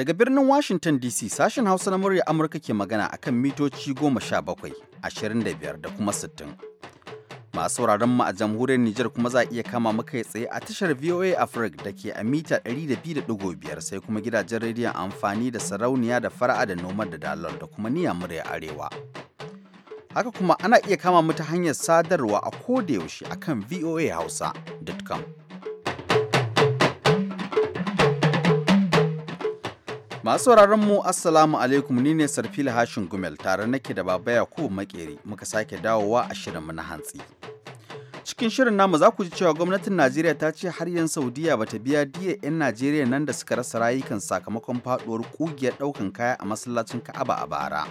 Daga birnin Washington DC sashen Hausa na murya Amurka ke magana a kan mitoci goma sha bakwai ashirin da biyar da kuma sittin Masu sauraron mu a jamhuriyar Nijar kuma za a iya kama maka tsaye a tashar VOA Africa da ke a mita 102.5 sai kuma gidajen rediyon amfani da sarauniya da fara'a da nomar da dalar da kuma niyyar murya arewa. Haka kuma ana iya kama mu ta hanyar sadarwa a yaushe akan hausa.com. Masu sauraron mu Assalamu alaikum ni ne Sarfila Hashin Gumel tare nake da Baba Yakubu Makeri muka sake dawowa a shirin mu na hantsi. Cikin shirin namu za ku ji cewa gwamnatin Najeriya ta ce har yan Saudiya bata biya diya 'yan Najeriya nan da suka rasa rayukan sakamakon faduwar kugiyar daukan kaya a masallacin Ka'aba a bara.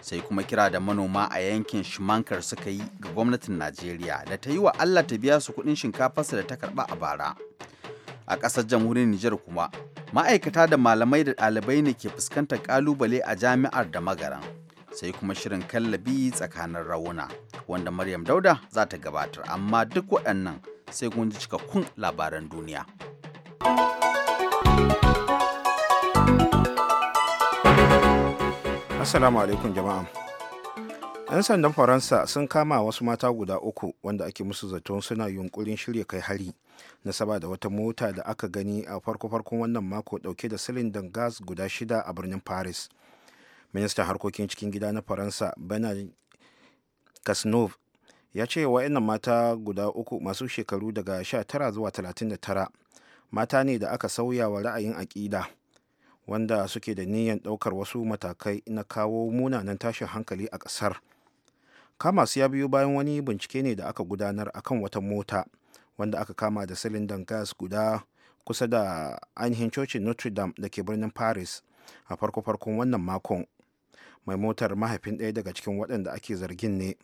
Sai kuma kira da manoma a yankin Shimankar suka yi ga gwamnatin Najeriya da ta yi wa Allah ta biya su kuɗin shinkafarsa da ta karɓa a bara. A ƙasar jamhuriyar Nijar kuma ma'aikata da malamai da ɗalibai ne ke fuskantar ƙalubale a jami'ar da magaran sai kuma shirin kallabi tsakanin rauna wanda maryam dauda za ta gabatar amma duk waɗannan sai kun ji cikakkun labaran duniya assalamu alaikum jama'a 'yan sandan faransa sun kama wasu mata guda uku wanda ake musu zaton suna yunkurin shirya kai hari na saba da wata mota da aka gani a farko-farkon wannan mako dauke da silindan gas guda shida a birnin paris ministan harkokin cikin gida na faransa bernard kasnov ya ce wa'annan mata guda uku masu shekaru daga 19 zuwa talatin da tara mata ne da aka sauya wa ra'ayin aƙida wanda suke da niyan ɗaukar wasu matakai na kawo munanan tashin hankali a ƙasar kama su ya biyo bayan wani bincike ne da aka gudanar akan wata mota wanda aka kama da silindan gas guda kusa da ainihin cocin notre dame da ke birnin paris a farko-farkon wannan makon mai motar mahaifin ɗaya daga cikin waɗanda ake zargin ne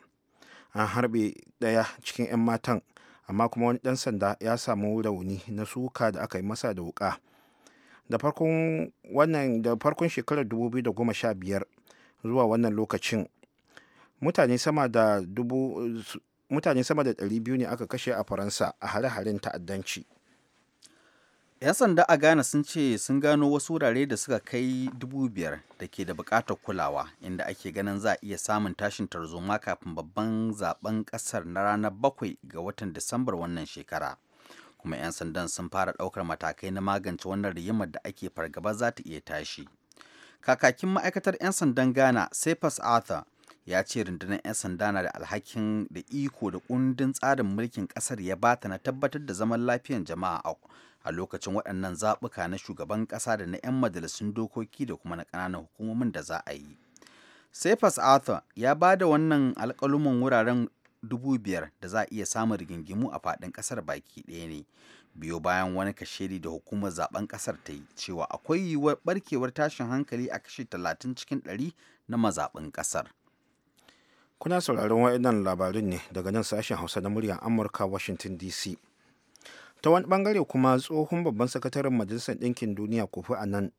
an harbe ɗaya cikin 'yan matan amma kuma wani ɗan sanda ya samu rauni na suka da aka yi masa da wuƙa da farkon wannan da farkon shekarar 2015 zuwa wannan lokacin mutane sama da dubu mutane sama da 200 ne aka kashe a faransa a hare-haren ta'addanci 'yan sanda a ghana sun ce sun gano wasu wurare da suka kai dubu biyar da ke da bukatar kulawa inda ake ganin za a iya samun tashin tarzoma kafin babban zaben kasar na ranar bakwai ga watan disambar wannan shekara kuma 'yan sandan sun fara daukar matakai na magance wannan rigimar da ake fargaba za ta iya tashi kakakin ma'aikatar 'yan sandan ghana cephas arthur ya ce rundunar 'yan sanda na da alhakin da iko da kundin tsarin mulkin kasar ya bata na tabbatar da zaman lafiyar jama'a a lokacin waɗannan zaɓuka na shugaban ƙasa da na 'yan majalisun dokoki da kuma na ƙananan hukumomin da za a yi. Cephas Arthur ya ba da wannan alƙalumin wuraren dubu biyar da za a iya samun rigingimu a faɗin ƙasar baki ɗaya ne biyo bayan wani kashedi da hukumar zaben ƙasar ta yi cewa akwai yiwuwar ɓarkewar tashin hankali a kashi talatin cikin ɗari na mazaɓin ƙasar. Kuna sauraron waɗannan labarin ne daga nan sashen Hausa na muryar Amurka Washington DC. Ta wani bangare kuma tsohon babban sakataren Majalisar Ɗinkin Duniya Kofi a nan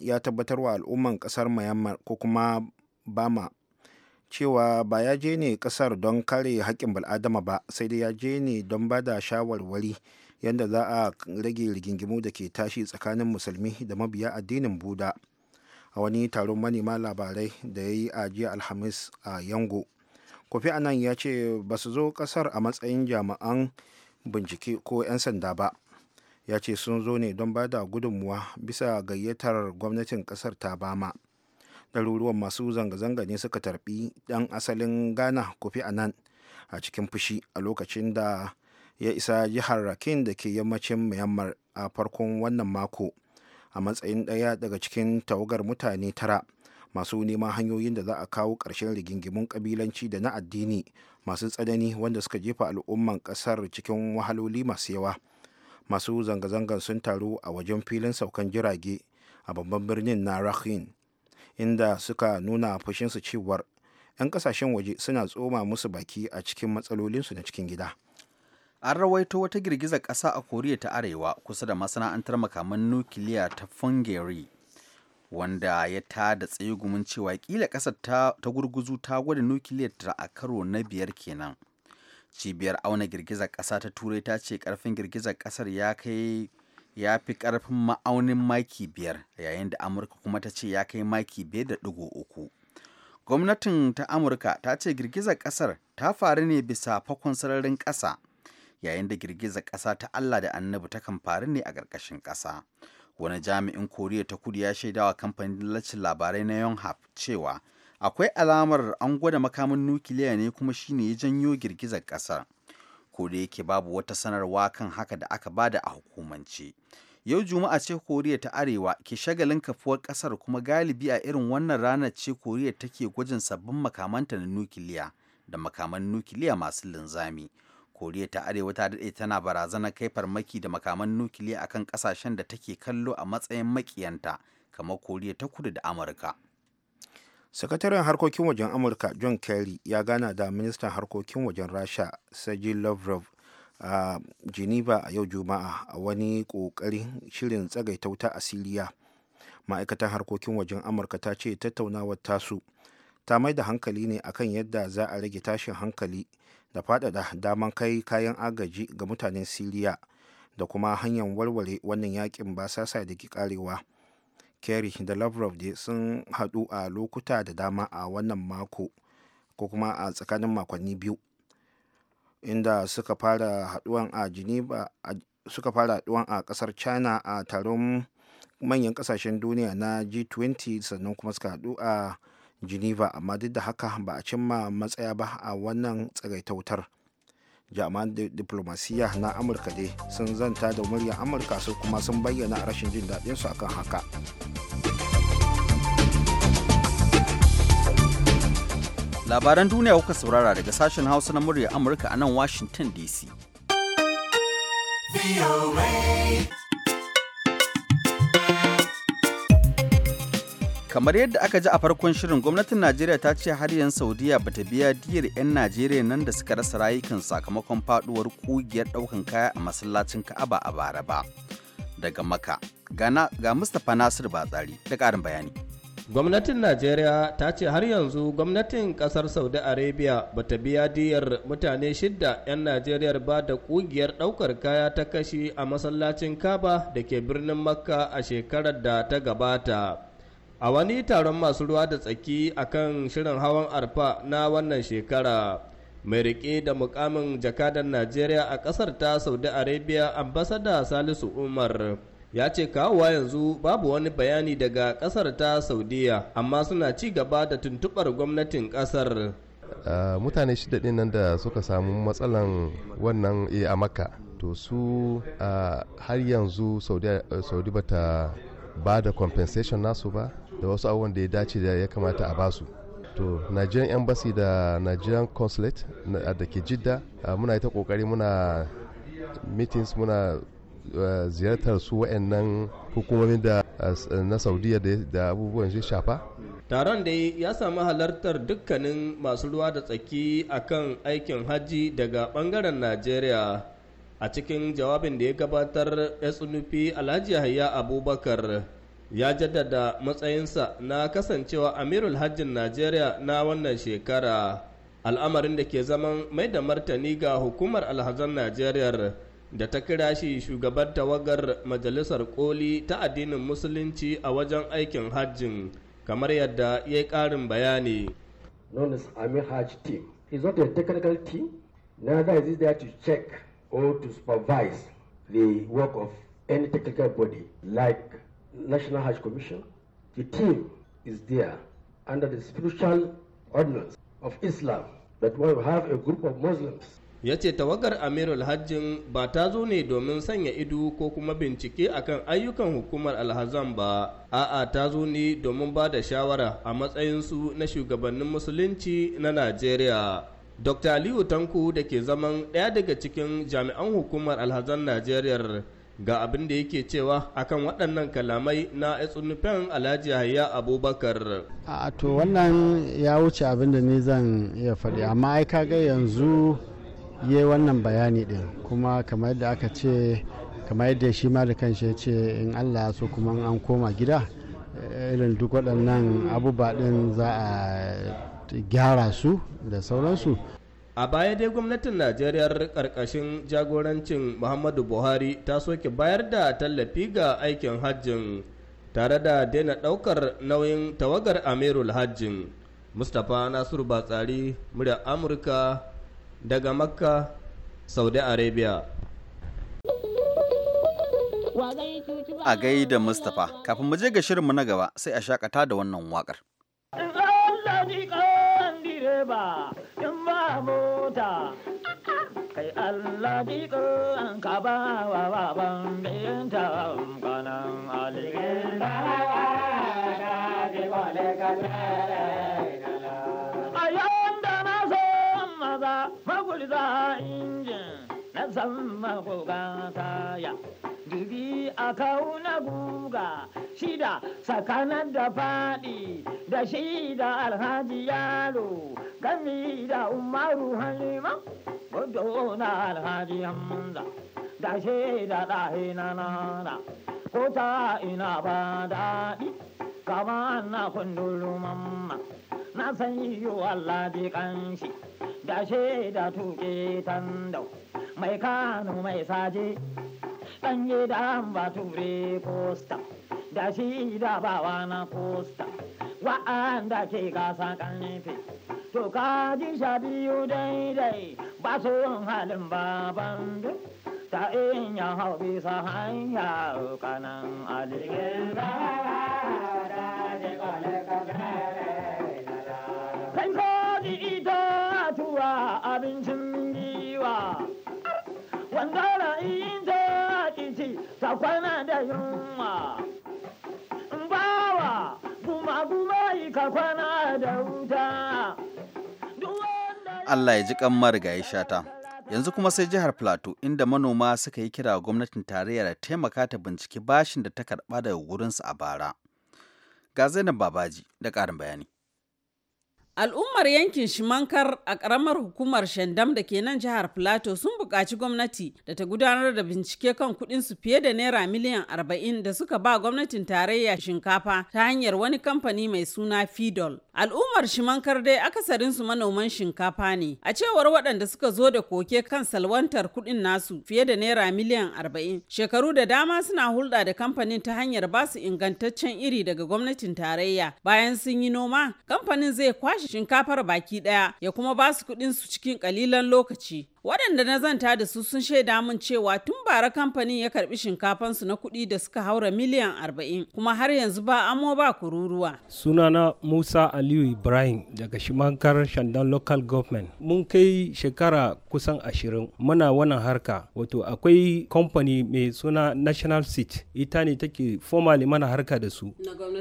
ya tabbatar wa al'umman ƙasar Myanmar ko kuma Bama cewa ba ya je ne ƙasar don kare haƙƙin bal'adama ba sai dai ya je ne don ba da shawarwari yadda za a rage rigingimu da ke tashi tsakanin musulmi da mabiya addinin Buda. a wani taron manema labarai da ya yi a jiya alhamis a yango kofi anan ya ce ba su zo kasar a matsayin jami'an bincike ko 'yan sanda ba ya ce sun zo ne don ba da gudunmuwa bisa gayyatar gwamnatin kasar ta bama ɗaruruwan masu zanga-zanga ne suka tarbi ɗan asalin ghana kofi anan a cikin fushi a lokacin da ya isa jihar rakin da ke yammacin myanmar a farkon wannan mako a matsayin ɗaya daga cikin tawagar mutane tara masu neman hanyoyin da za a kawo ƙarshen rigingimun ƙabilanci da na addini masu tsanani wanda suka jefa al'umman ƙasar cikin wahaloli masu yawa masu zanga-zangar sun taru a wajen filin saukan jirage a babban birnin na rahin inda suka nuna fushinsu cewar 'yan kasashen waje suna tsoma musu baki a cikin matsalolinsu na cikin gida. an rawaito wata girgizar ƙasa a koriya ta arewa kusa da masana'antar makaman nukiliya ta fungeri wanda ya ta da tsegumin cewa kila ƙasar ta, gurguzu ta gwada nukiliyar ta a karo na biyar kenan cibiyar auna girgizar ƙasa ta turai ta ce ƙarfin girgizar ƙasar ya kai ya fi ƙarfin ma'aunin maki biyar yayin da amurka kuma ta ce ya kai maki biyar da ɗigo uku gwamnatin ta amurka ta ce girgizar ƙasar ta faru ne bisa fakon sararin ƙasa yayin da girgizar ƙasa ta Allah da annabi ta kan faru ne a ƙarƙashin ƙasa. Wani jami'in Koriya ta kudu ya shaidawa kamfanin lallacin labarai na Yonhap cewa akwai alamar an gwada makamin nukiliya ne kuma shine ya janyo girgizar ƙasar. Ko da yake babu wata sanarwa kan haka da aka bada a hukumance. yau juma'a ce koriya ta arewa ke shagalin kafuwar ƙasar kuma galibi a irin wannan ranar ce koriya take gwajin sabbin makamanta na nukiliya da makaman nukiliya masu linzami koriya ta arewa ta daɗe tana barazanar kai farmaki da makaman nukiliya akan ƙasashen da take kallo a matsayin makiyanta kamar koriya ta kudu da amurka sakataren harkokin wajen amurka john kerry ya gana da ministan harkokin wajen rasha sergei lavrov a geneva a yau juma'a a wani kokarin shirin tsagaita wuta a siriya ma'aikatan harkokin wajen amurka ta ce tattaunawar tasu ta mai da hankali ne akan yadda za a rage tashin hankali da faɗaɗa daman kai kayan agaji ga mutanen siriya da kuma hanyar warware wannan yakin basasa da ke karewa kerry da lavrov dai sun haɗu a lokuta da dama a wannan mako ko kuma a tsakanin makonni biyu inda suka fara haɗuwan a a ƙasar china a taron manyan ƙasashen duniya na g20 sannan kuma suka haɗu a geneva amma duk da haka ba a cimma matsaya ba a wannan tsagaitautar jami'an diplomasiya na amurka dai sun zanta da muryar amurka su kuma sun bayyana rashin jin daɗin su akan haka labaran duniya kuka saurara daga sashen hausa na muryar amurka a nan washington dc kamar yadda aka ji a farkon shirin gwamnatin najeriya ta ce har yan saudiya bata biya diyar 'yan najeriya nan da suka rasa rayukan sakamakon faduwar kugiyar daukan kaya a masallacin ka'aba a bara ba daga maka ga mustapha nasir batsari da karin bayani gwamnatin najeriya ta ce har yanzu gwamnatin kasar saudi arabia bata biya diyar mutane shidda 'yan najeriya ba da kugiyar daukar kaya ta kashi a masallacin kaba da ke birnin makka a shekarar da ta gabata a wani taron masu ruwa da tsaki a kan shirin hawan arfa na wannan shekara mai riƙe da mukamin jakadan najeriya a ƙasar ta saudi arabia ambasada salisu umar ya ce kawowa yanzu babu wani bayani daga ƙasar ta saudiya amma suna ci gaba da tuntuɓar gwamnatin ƙasar mutane shida ɗin nan da suka samu matsalan wannan eh, a makka to su har yanzu saudi, ba ta ba da compensation nasu ba da wasu abubuwan da ya dace da ya kamata a basu to nigerian embassy da nigerian consulate da ke jidda muna yi ta kokari muna meetings muna ziyartar su waɗannan hukumomi da na saudiya da abubuwan zai shafa taron da ya samu halartar dukkanin masu ruwa da tsaki akan aikin hajji daga bangaren nigeria a cikin jawabin da ya gabatar snup alhaji yahaya abubakar ya jaddada matsayinsa na kasancewa amirul hajjin najeriya na wannan shekara al'amarin da ke zaman mai da martani ga hukumar alhazan najeriya da ta kira shi shugaban tawagar majalisar koli ta addinin musulunci a wajen aikin hajjin kamar yadda ya yi karin bayani known as Amir Hajj team. is not a technical team, neither is there to check or to supervise the work of any technical body like National Hajj Commission, the team is there under the spiritual ordinance of Islam that we have a group of Muslims. Ya ce tawagar Amirul Hajjin ba ta zo ne domin sanya ido ko kuma bincike akan ayyukan hukumar alhazan ba, a'a ta zo ne domin ba da shawara a matsayinsu na shugabannin musulunci na Najeriya. Dr. Aliyu Tanku da ke zaman ɗaya daga cikin jami'an hukumar alhazan Najeriya ga abin da yake cewa akan waɗannan kalamai na tsunufen alhaji hayya abubakar a to wannan ya wuce abin da ni zan iya faɗi amma ai ga yanzu ya wannan bayani ɗin kuma kamar yadda aka ce kamar yadda shi ma da kanshi ya ce in allah so kuma an koma gida eh, irin duk waɗannan abubuwa ɗin za a gyara su da sauransu a baya dai gwamnatin najeriya karkashin jagorancin muhammadu buhari ta soke bayar da tallafi ga aikin hajjin tare da daina daukar nauyin tawagar amirul hajjin mustapha nasiru batsari murya amurka daga makka saudi arabia a gaida mustapha kafin mu je ga shirinmu na gaba sai a shakata da wannan wakar. mota kai Allah ji an ka ba wa wa ban binta kanan alikin ba wa da ke kwale a ayon da na so maza magulza injin na zamma ko ya Jirgi a kauna guga shida tsakanin da faɗi da shida alhaji yaro gami da umaru halima gudu na alhaji hamza da shida ɗahe na nana ko ta ina ba daɗi kama na kundulu mamma na san yiwu Allah kanshi da shida tuke tandau mai kano mai saje sanye da bature posta da shi da bawa na posta wa'anda ke gasa kanfe to ka sha biyu daidai ba su halin baban duk ta in ya hau bisa hanya kanan alikin kai ita tuwa abincin giwa wanda kwana da yunwa bawa kuma kuma yi ka kwana da wuta Allah ya ji kan marigayi shata yanzu kuma sai jihar plateau inda manoma suka yi kira gwamnatin tarayya da taimaka ta binciki bashin da ta karba daga gurinsu a bara ga zainab babaji da ƙarin bayani Al'ummar yankin Shimankar a ƙaramar hukumar Shandam da ke nan jihar Filato sun buƙaci gwamnati da ta gudanar da bincike kan su fiye da naira miliyan arba'in da suka ba gwamnatin tarayya shinkafa ta hanyar wani kamfani mai suna Fidol. Al'ummar Shimankar dai akasarin su manoman shinkafa ne. A cewar waɗanda suka zo da koke kan salwantar kuɗin nasu fiye da naira miliyan arba'in. Shekaru da dama suna hulɗa da kamfanin ta hanyar ba su ingantaccen iri daga gwamnatin tarayya. Bayan sun yi noma, kamfanin zai kwashe shinkafar baki daya ya kuma basu su kuɗin su cikin kalilan lokaci waɗanda na zanta da su sun shaida min cewa tun bara kamfanin ya karbi shinkafansu na kuɗi da suka haura miliyan arba'in kuma har yanzu ba amo ba kururuwa sunana musa aliyu ibrahim daga shimankar shandan local government mun kai shekara kusan ashirin muna wannan harka wato akwai kamfani mai suna national seat ita ne take formally mana harka da su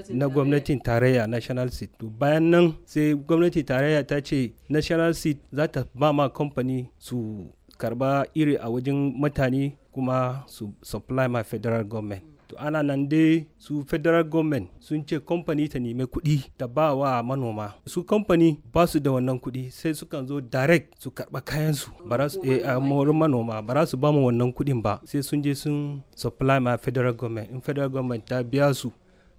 na gwamnatin tarayya national seat to bayan nan sai gwamnati tarayya ta ce national seat za ta ba ma kamfani su karba iri a wajen mutane kuma su supply ma federal government to ana nan dai su federal government sun ce kamfani ta nemi kuɗi da ba wa manoma su kamfani ba su da wannan kuɗi sai su kan zo direct su karba kayan su bara eh, su a amurin manoma bara su ba mu wannan kuɗin ba sai sun je sun supply ma federal government in federal government ta biya su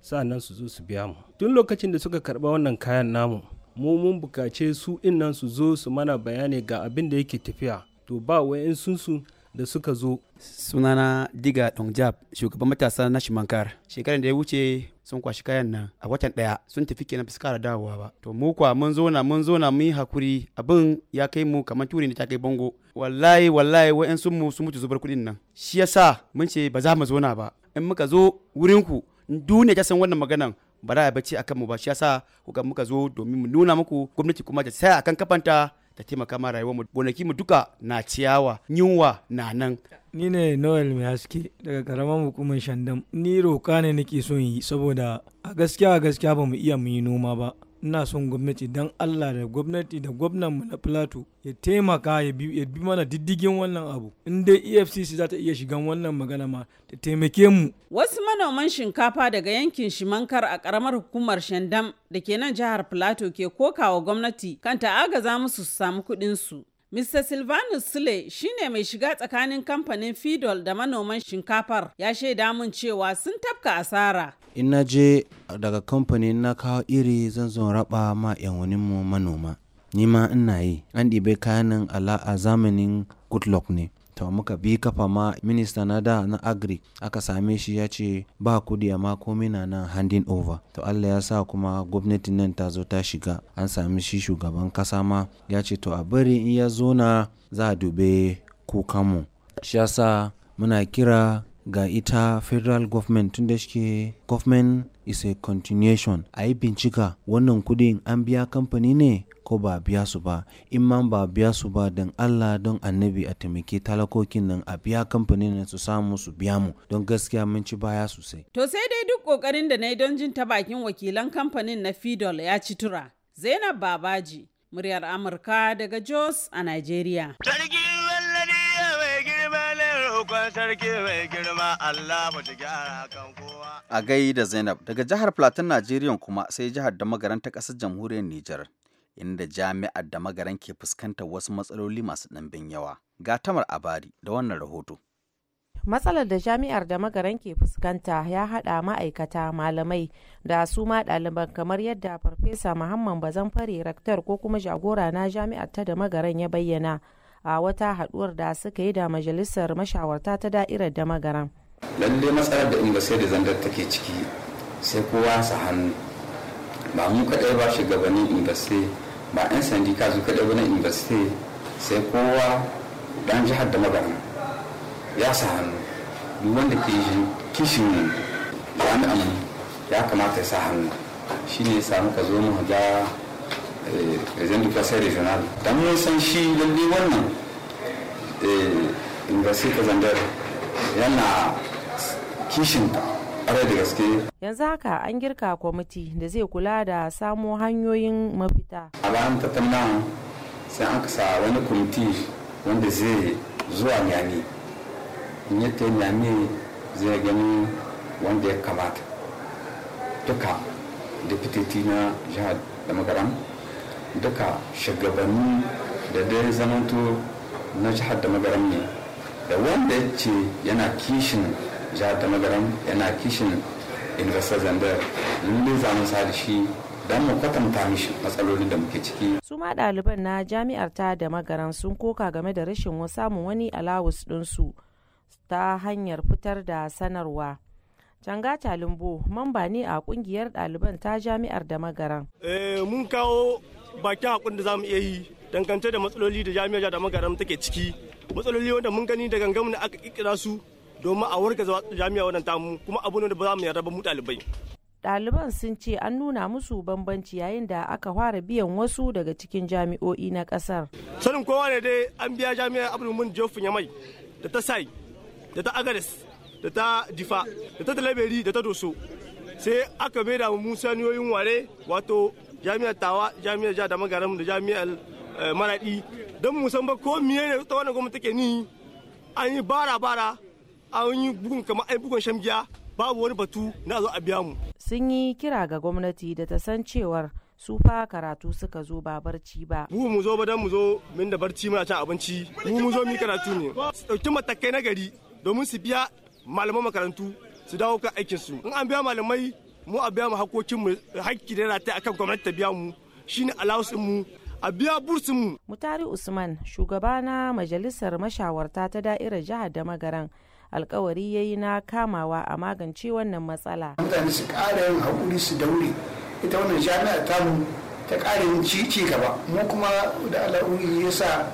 sa'annan su zo su biya mu tun lokacin da suka karba wannan kayan namu mu mun bukace su in nan su zo su mana bayani ga abin da yake tafiya to ba wa'yansunsu da suka zo sunana diga dongjab shugaban matasa na shimankar shekaran da ya wuce sun kwashi kayan nan a watan daya sun tafi kenan su kara dawowa ba to mu kwa mun zo na mun zo na mun yi hakuri abin ya kai mu kamar turi ne ta kai bango wallahi wallahi wa'yan sun mu sun mutu zubar kudin nan shi yasa mun ce ba za mu zo na ba in muka zo wurin ku duniya ta san wannan maganan ba za a bace akan mu ba shi yasa kuka muka zo domin mu nuna muku gwamnati kuma ta tsaya akan kafanta ta taimaka ma rayuwar mu gonaki mu duka na ciyawa yunwa na nan ni ne noel mai haske daga karamar hukumar shandam ni roka ne nake son yi saboda a gaskiya a gaskiya ba mu iya mu yi noma ba ina son gwamnati don allah da gwamnati da gwamnanmu na plato ya taimaka ya bi mana diddigin wannan abu in dai efcc za ta iya shigan wannan magana ma ta taimake mu wasu manoman shinkafa daga yankin shimankar a karamar hukumar shandam da ke nan jihar plateau ke kokawa gwamnati kan ta agaza musu su samu kuɗinsu. su Mr. Silvanus Sule shi ne mai shiga tsakanin kamfanin Fidol da manoman shinkafar ya shaida mun cewa sun tafka asara. In na je daga kamfanin na kawo iri zan zo raba ma yawanin mu manoma. Ni ma ina yi, an ɗibe kayanin ala a zamanin Goodluck ne. to muka bi kafa ma minista na da na agri aka same shi ya ce ba kudi amma komi na nan handing over to allah ya sa kuma gwamnati nan ta zo ta shiga an sami shi shugaban kasa ma ya ce to a bari in ya zo na za a dube kukanmu shi ya sa muna kira ga ita federal government tun da shike government is a continuation a yi bincika wannan kudin an biya kamfani ne ko ba biya su ba in ma ba biya su ba don allah don annabi a taimake talakokin nan a biya kamfani ne su samu su biya mu don gaskiya mun ci baya sosai to sai dai duk kokarin da na yi don jin ta bakin wakilan kamfanin na fidol ya ci tura zainab babaji muryar amurka daga jos a nigeria sarki mai girma Allah mu gyara kan kowa. A gai da Zainab daga jihar platin Najeriya kuma sai jihar da magaran ta ƙasar jamhuriyar Nijar inda jami'ar da magaran ke fuskantar wasu matsaloli masu ɗimbin yawa. Ga tamar abari da wannan rahoto. matsalar da jami'ar da magaran ke fuskanta ya haɗa ma'aikata malamai da su ma ɗaliban kamar yadda farfesa muhammad bazan fare raktar ko kuma jagora na jami'ar ta da magaran ya bayyana a wata haduwar da suka yi da majalisar mashawarta ta da'irar da magaran. Lalle matsalar da sai da zandar take ciki sai kowa sa hannu ba mu kadai ba shugabannin sai ba 'yan sandika su kaɗai ba na inda sai kowa dan jihar da magaran ya sa hannu duk wanda ke kishin wani ya kamata ya sa hannu shine ya samu ka zo mu ga president eh, du conseil regional dan mun san shi lalle wannan eh, university zandar yana kishin ƙwarai da gaske yanzu haka an girka kwamiti da zai kula da samo hanyoyin mafita a bayan tattauna sai an kasa wani kwamiti wanda zai zuwa nyami in yi ta nyami zai gani wanda ya kamata duka fitattu na jihar da makaranta. duka shugabanni da dai zamanto na jihar da magaran ne da wanda ce yana kishin jihar da magaram yana kishin inversa zandar lullu zamu sa da shi don mu kwatanta mishi matsalolin da muke ciki. su ma ɗaliban na jami'ar ta da magaran sun koka game da rashin samun wani alawus ɗinsu ta hanyar fitar da sanarwa. Canga Talimbo mamba ne a kungiyar ɗaliban ta jami'ar da magaran. Eh, mun kawo bakin hakun da za mu iya yi dangance da matsaloli da jami'ar jami'a da magaram take ciki matsaloli wanda mun gani da gangamu da aka kikira su domin a warga jami'a wannan tamu kuma abu ne da ba za mu yarda ba mu ɗalibai. ɗaliban sun ce an nuna musu bambanci yayin da aka fara biyan wasu daga cikin jami'o'i na ƙasar. sanin kowa ne dai an biya jami'ar mun jofin yamai da ta sai da ta agares da ta difa da ta talaberi da ta doso sai aka da mu sanyoyin ware wato jami'ar tawa jami'ar ja da magaram da jami'ar eh, maradi don mu san ba ko miye ne ta wannan gwamnati take ni an yi bara bara an yi bugun kamar ai bugun shamgiya babu wani batu na zo a biya mu sun yi kira ga gwamnati da ta san cewar su fa karatu suka zo ba barci ba. Mu mu zo ba dan mu zo min da barci muna cin abinci. Mu mu zo mu karatu ne. Su dauki matakai na gari domin su biya malaman makarantu su dawo kan aikin su. In an biya malamai mu a biya mu hakokin mu hakki da rata akan gwamnati ta biya mu shine allowance mu a biya bursin mu mutari usman shugaba na majalisar mashawarta ta da'irar jihar da magaran alkawari yayi na kamawa a magance wannan matsala mutane su ƙara yin hakuri su daure ita wannan ta tamu ta ƙara yin cici gaba mu kuma da al'uri ya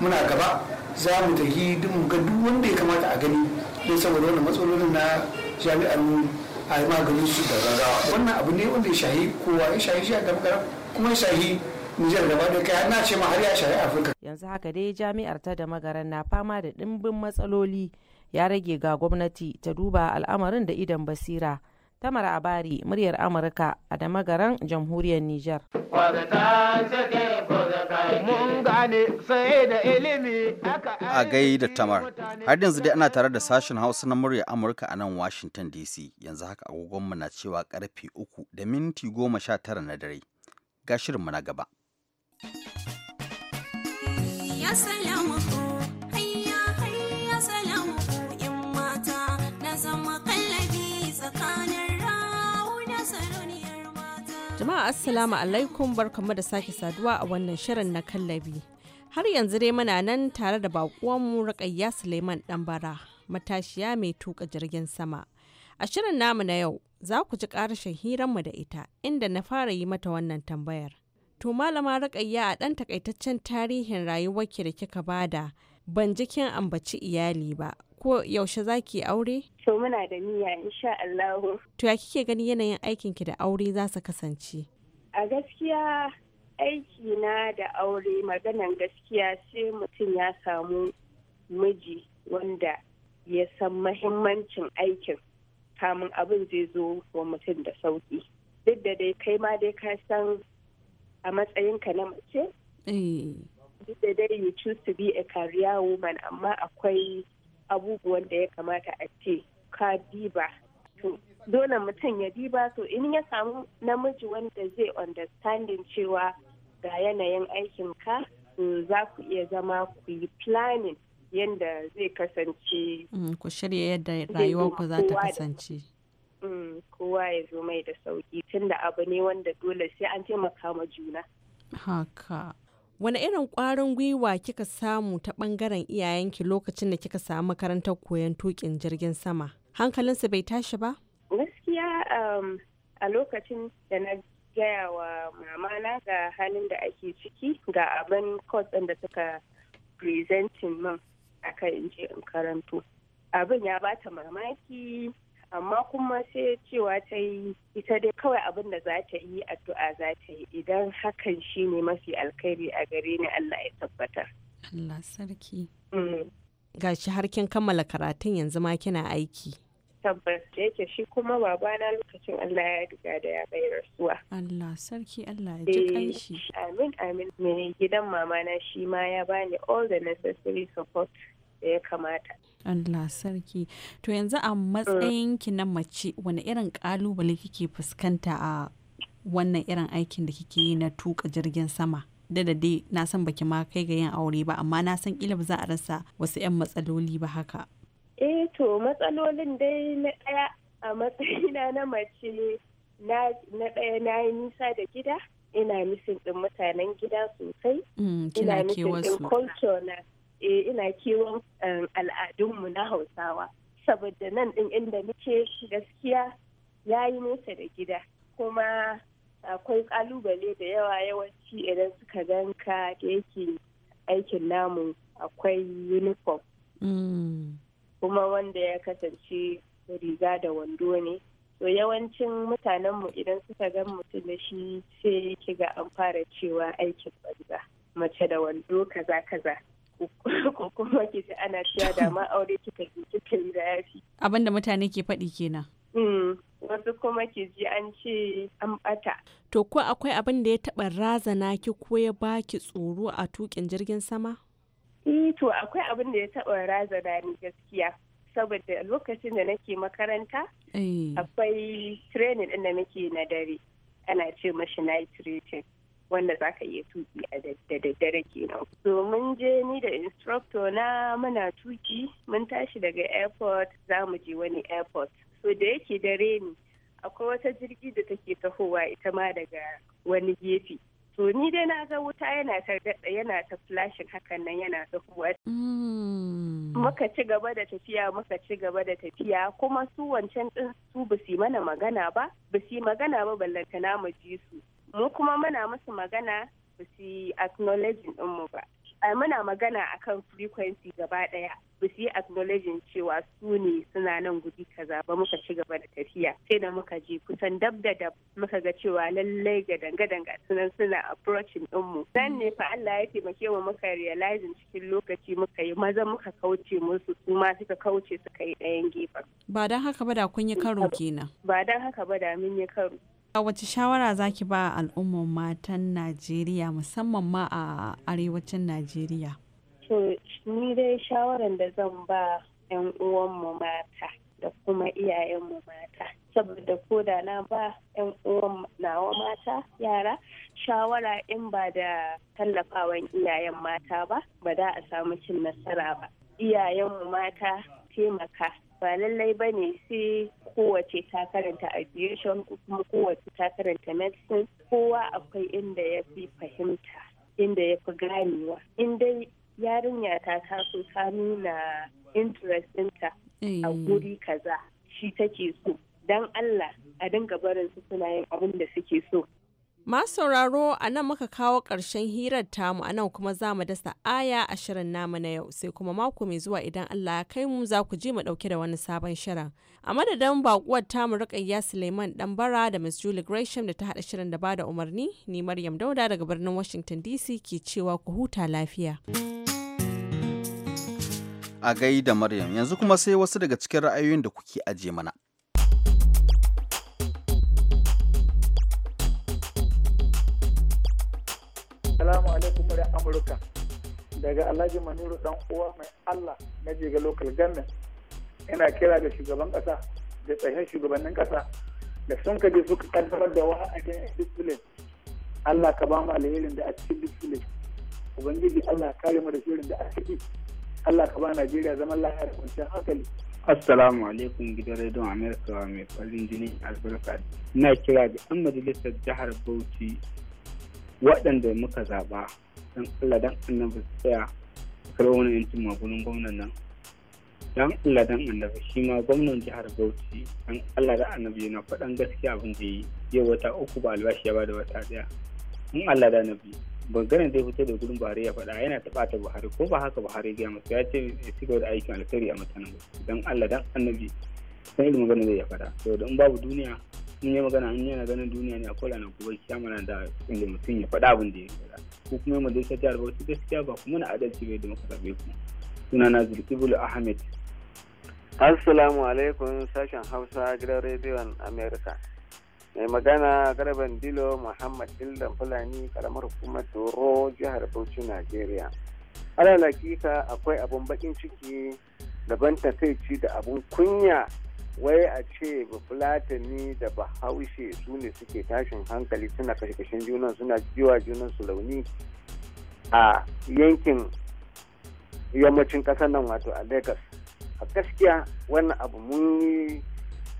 muna gaba za mu tafi duk mu ga duk wanda ya kamata a gani don saboda wannan matsalolin na jami'ar mu a yi maganin su da gaggawa wannan abu ne wanda ya shahi kowa ya shahi shi da gabgara kuma ya shahi Nijar gaba da kai na ce ma har ya shahi Afirka. Yanzu haka dai jami'ar ta da magaran na fama da ɗimbin matsaloli ya rage ga gwamnati ta duba al'amarin da idan basira. Tamar Abari, muryar Amurka a damagaran jamhuriyar Nijar. Mun A gai da Tamar, har yanzu dai ana tare da sashen Hausa na muryar Amurka a nan Washington DC. Yanzu haka agogonmu na cewa karfe uku da minti goma sha tara na dare. Gashirinmu na gaba. Ya Jama'a Assalamu alaikum barkamu da sake saduwa a wannan shirin na kallabi. Har yanzu dai muna nan tare da baƙuwanmu Raƙayya Suleiman Ɗanbara, matashiya mai tuƙa jirgin sama. A shirin namu na yau, za ku ji ƙarashin hiranmu da ita, inda na fara yi mata wannan tambayar. To malama Raƙayya a ɗan takaitaccen tarihin rayuwarki da kika bada, ban ji kin ambaci iyali ba, ko yaushe za ki aure? To muna da niyya insha Allah. To ya kike gani yanayin aikin ki da aure za su kasance? A gaskiya aiki na da aure maganan gaskiya sai mutum ya samu miji wanda ya san mahimmancin aikin kamun abin zai zo wa mutum da sauki. Duk da dai kai ma dai ka san a matsayinka na mace? Eh. Duk da dai you choose to be a career woman amma akwai abubuwan da ya kamata a ce ka diba to dole mutum ya diba to in ya samu namiji wanda zai understanding cewa ga yanayin aikinka to za ku iya zama ku yi planning yadda zai kasance mm, ku shirya yadda rayuwarku za ta kasance mm, kowa ya zo mai da sauki tunda abu ne wanda dole sai an taimaka ma juna haka Wane irin ƙwarin gwiwa kika samu ta ɓangaren iyayenki lokacin da kika samu makarantar koyon tuƙin jirgin sama? Hankalinsu bai tashi ba? Gaskiya um, a lokacin da na gaya wa mamana ga halin da ake ciki ga abin course ɗin da suka presenting min a kan karantu, in karanto. Abin ya bata mamaki amma kuma sai cewa ta yi ita dai kawai abin da za ta yi addu'a za ta yi idan hakan shi ne mafi alkhairi a gare ni Allah ya tabbatar. Allah sarki. Mm. Gashi har kin kammala karatun yanzu ma kina aiki. Tabbas da yake shi kuma babana lokacin Allah ya riga da ya bai rasuwa. Allah sarki Allah ya ji eh, kanshi. Amin amin. Mai gidan mamana shi ma ya bani all the necessary support da ya kamata. Allah sarki to yanzu a matsayin ki na mace wani irin kalubale kike fuskanta a wannan irin aikin da kike yi na tuka jirgin sama da da dai na san baki ma kai ga yin aure ba amma na san kila ba za a rasa wasu 'yan matsaloli ba haka eh to matsalolin dai na daya a matsayina na mace na daya na yi nisa da gida ina misin ɗin mutanen gida sosai mm, ina misin ɗin culture na e ina kewan um, al'adunmu na hausawa saboda nan din inda muke gaskiya ya yi nesa da gida kuma akwai kalubale da yawa yawanci idan suka ganka da yake aikin namu akwai uniform mm. kuma wanda ya kasance riga da wando ne to yawancin mutanenmu idan suka gan mutum da shi sai kiga an fara cewa aikin banza mace da wando kaza kaza ko ke ce ana cewa da ma aure kika ji da yafi. abin da mutane ke faɗi kenan hmm, wasu kuma ke ji an ce an bata to ko akwai abin da ya taɓa razana ki ko ya baki tsoro a tukin jirgin sama eh to akwai abin da ya taɓa razana ni gaskiya saboda lokacin da nake makaranta eh. akwai training ɗin da muke na dare ana ce mashi night rating wanda za ka iya tuki a dare da daddare kenan to mun je ni da instructor na muna tuki mun tashi daga airport za mu je wani airport so da yake dare ni akwai wata jirgi da take tahowa ita ma daga wani gefe to ni dai na ga wuta yana ta yana ta flashin hakan nan yana tahowa mm. muka ci gaba da tafiya muka ci gaba da tafiya kuma su wancan din su ba su mana magana ba ba su magana ba ballanta na mu ji su mu kuma muna musu magana su yi acknowledging ɗinmu ba muna magana akan frequency gaba ɗaya ba su yi acknowledging cewa su ne suna nan guri kaza ba muka ci gaba da tafiya sai da muka je kusan dab da dab muka ga cewa lallai ga danga danga sunan suna approaching mu dan ne fa Allah ya taimake mu muka realizing cikin lokaci muka yi maza muka kauce musu su ma suka kauce suka yi ɗayan gefen ba dan haka ba da kun yi karo kenan ba dan haka ba da mun yi karo A wace shawara za ki ba al'umman matan Najeriya musamman ma a arewacin Najeriya? To, ni dai shawaran da zan ba 'yan uwanmu mata da kuma iyayen mu mata. Saboda ko da na ba 'yan uwan nawa mata yara shawara in ba da tallafawan iyayen mata ba, ba da a samu cin nasara ba. Iyayenmu mata taimaka ba lallai ba ne sai kowace ta karanta aviation kuma kowace ta karanta medicine kowa akwai inda ya fi fahimta inda ya fi ganewa inda yarinya ta taso ta nuna interest ɗinta a eh. guri kaza shi take so don Allah a dinga barin su suna yin abin da suke so Masu sauraro a nan muka kawo ƙarshen hirar tamu a nan kuma za mu dasa aya a shirin namu na yau sai kuma mako mai zuwa idan Allah ya kai mu za ku ji mu ɗauke da wani sabon shirin. A madadin baƙuwar tamu Rukayya Suleiman Ɗanbara da Miss Julie Gresham da ta haɗa shirin da bada umarni ni Maryam Dauda daga birnin Washington DC ke cewa ku huta lafiya. A gaida Maryam yanzu kuma sai wasu daga cikin ra'ayoyin da kuke ajiye mana. murar amurka daga alhaji manuru dan uwa mai allah na jiga local government ina kira da shugaban kasa da tsayin shugabannin kasa da sun ka je suka kaddamar da wa'adin disfile allah ka ba mu alherin da a cikin disfile ubangiji allah kare mu da shirin da a ciki allah ka ba najeriya zaman lafiya da kwanciyar hankali Assalamu alaikum gidan radio america mai farin jini albarka. Ina kira da 'yan majalisar jihar Bauchi waɗanda muka zaɓa dan Allah dan annabi tsaya karo wani yancin magunin gwamnan nan dan Allah dan annabi shi ma gwamnan jihar Bauchi dan Allah da annabi yana faɗan gaskiya abin da yi yau wata uku ba albashi ya da wata ɗaya in Allah da annabi bangaren zai fito da gudun Buhari ya faɗa yana ta Buhari ko ba haka Buhari ya masa ya ce ya ci gaba da aikin alkhairi a mutanen dan Allah dan annabi san ilimin zai ya faɗa saboda in babu duniya in ya magana in yana ganin duniya ne akwai ranar gobe kiyama na da inda mutum ya faɗa abin da ya faɗa ko kuma ya majalisar jihar bauchi gaskiya ba kuma na adalci bai da muka zaɓe ku na zulkifulu ahmed assalamu alaikum sashen hausa gidan rediyon Amerika. mai magana garban dilo muhammad dildan fulani karamar hukumar doro jihar bauchi nigeria ala hakika akwai abun bakin ciki daban takaici da abun kunya wai a ce fulatani da bahaushe su ne suke tashin hankali suna kashe-kashen junan suna jiwa junan su launi a yankin yammacin ƙasar nan wato a lagos a gaskiya wannan abu mun yi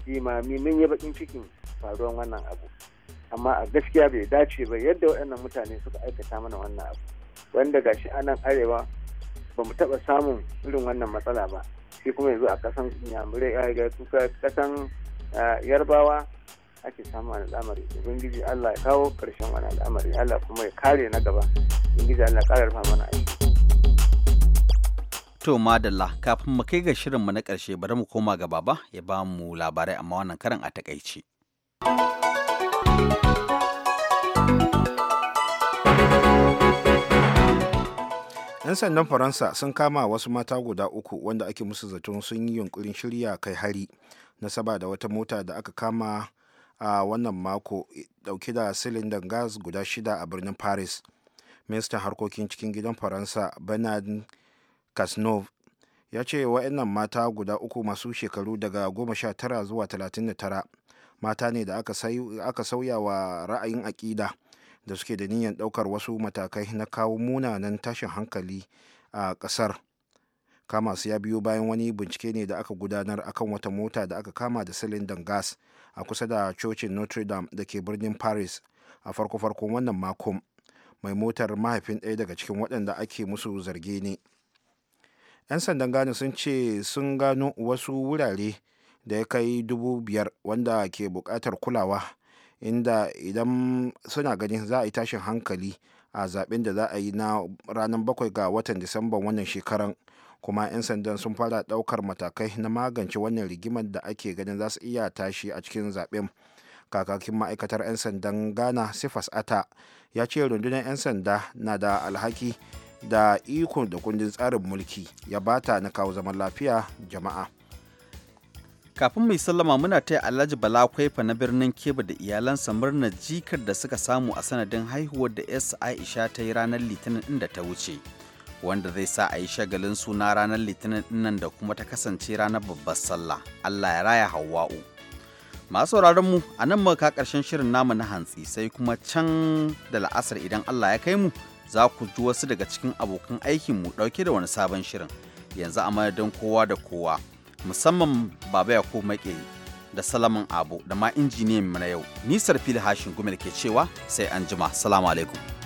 imami mun yi bakin cikin faruwan wannan abu amma a gaskiya bai dace ba yadda waɗannan mutane suka aikata mana wannan abu wanda gashi anan arewa ba mu taɓa samun irin wannan matsala ba shi kuma yanzu a kasan nyamure ya ga tuka kasan eh, yarbawa ake samu wani al'amari ubangiji allah ya kawo karshen wani al'amari allah kuma ya kare na gaba ubangiji allah kare rufa mana aiki to madalla kafin mu kai ga shirin mu na karshe bari mu koma ga baba ya ba mu labarai amma wannan karan a takaice. 'yan sandan faransa sun kama wasu mata guda uku wanda ake musu zaton sun yi yunkurin shirya kai hari na saba da wata mota da aka kama a wannan mako dauke da silindan gas guda shida a birnin paris ministan harkokin cikin gidan faransa bernard kasnov ya ce wa'annan mata guda uku masu shekaru daga 19 zuwa 39 mata ne da aka sauya wa ra'ayin aƙida. da suke da niyyar ɗaukar wasu matakai na kawo munanan tashin hankali a ƙasar kama su ya biyo bayan wani bincike ne da aka gudanar akan wata mota da aka kama da silindan gas a kusa da cocin notre dame da ke birnin paris a farko-farkon wannan makon mai motar mahaifin ɗaya daga cikin waɗanda ake musu zarge ne 'yan sandan gane sun ce sun gano wasu wurare da ya kai dubu biyar wanda ke buƙatar kulawa inda idan suna ganin za a yi tashin hankali a zaɓen da za a yi na ranar bakwai ga watan disamban wannan shekaran kuma 'yan sandan sun fara ɗaukar matakai na magance wannan rigimar da ake ganin za su iya tashi a cikin zaɓen kakakin ma'aikatar 'yan sandan ghana sifas ata ya ce rundunar 'yan sanda na da alhaki da ikon da kundin tsarin mulki ya bata na kawo zaman lafiya jama'a kafin mai sallama muna taya alhaji bala kwaifa na birnin keba da iyalansa murnar jikar da suka samu a sanadin haihuwar da yasa aisha ta yi ranar litinin inda ta wuce wanda zai sa a yi shagalin suna ranar litinin nan da kuma ta kasance ranar babbar sallah allah ya raya hawa'u masu mu a nan muka karshen shirin namu na hantsi sai kuma can da la'asar idan allah ya kai mu za ku ji wasu daga cikin abokan aikinmu dauke da wani sabon shirin yanzu a madadin kowa da kowa musamman Baba koma Makeri da Salaman Abu da ma injiniyan mu na yau. Nisar fili hashin gumel ke cewa sai an jima. Salamu alaikum.